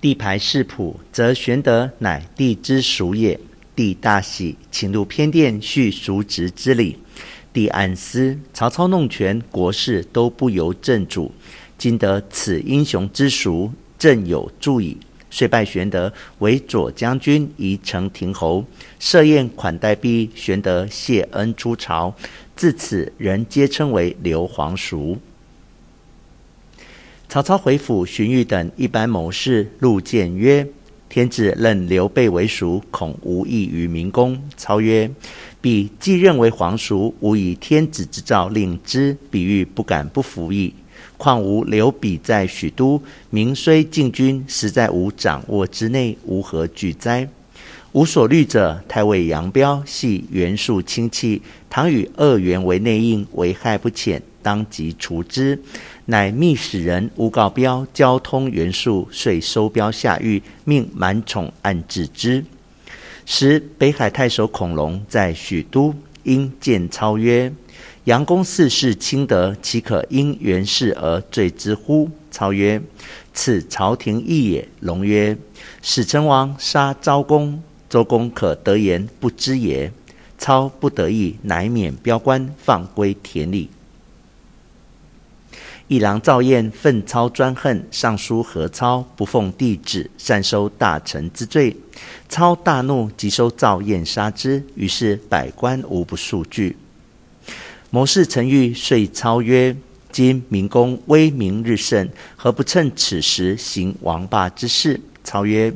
帝排世譜，則玄德乃帝之叔也。帝大喜，請入偏殿敘叔侄之禮。帝暗思：曹操弄權，國事都不由朕主。今得此英雄之叔，朕有助矣。遂拜玄德為左將軍，宜城亭侯，設宴款待畢，玄德謝恩出朝。自此，人皆稱為劉皇叔。曹操回府，荀彧等一般謀士入見曰：“天子認劉備為叔，恐無益於明公。”操曰：“彼既認為皇叔，吾以天子之詔令之，彼愈不敢不服矣。況吾留彼在許都，名雖近君，實在吾掌握之內，吾何懼哉。吾所慮者，太尉楊彪係袁術親戚，倘與二袁為內應，為害不淺。”當即除之，乃密使人誣告彪交通袁術，遂收彪下獄，命滿寵按治之。時北海太守孔融在許都應超，因見操曰：“楊公四世清德，豈可因袁氏而罪之乎超？”操曰：“此朝廷意也約。”融曰：“使成王殺召公，周公可得言不知也？”操不得已，乃免彪官，放歸田里。議郎趙彥，憤操專橫，上書劾操不奉帝旨，擅收大臣之罪。操大怒，即收趙彥殺之。於是百官無不肅懼。謀士程昱遂操曰：“今明公威名日盛，何不趁此時行王霸之事？”操曰：“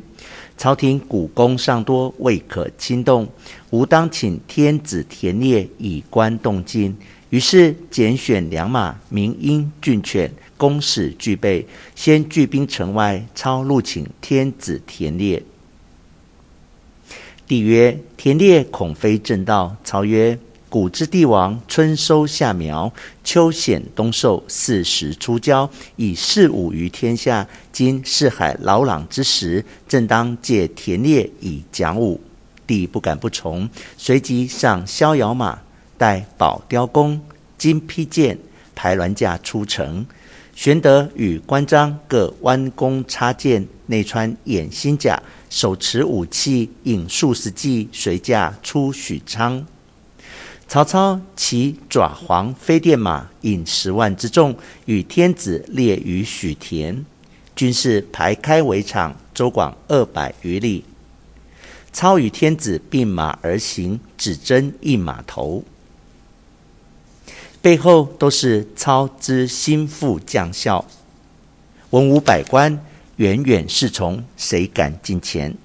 朝廷股肱尚多，未可輕動。吾當請天子田獵，以觀動靜。”於是揀選良馬、名鷹、俊犬，弓矢俱備，先聚兵城外。操入請天子田獵。帝曰：“田獵恐非正道。”操曰：“古之帝王，春收夏苗，秋獮冬狩，四時出郊，以示武於天下。今四海勞攘之時，正當借田獵以講武。”帝不敢不從，隨即上逍遙馬。帶寶雕弓、金鈚箭、排鑾駕出城。玄德與關張各彎弓插箭，內穿掩心甲，手持武器，引數十騎隨駕出許昌。曹操騎爪黃飛電馬，引十萬之眾，與天子獵於許田，軍士排開圍場，周廣二百餘里。操與天子並馬而行，只爭一馬頭。背後都是操之心腹將校，文武百官遠遠侍從，誰敢近前？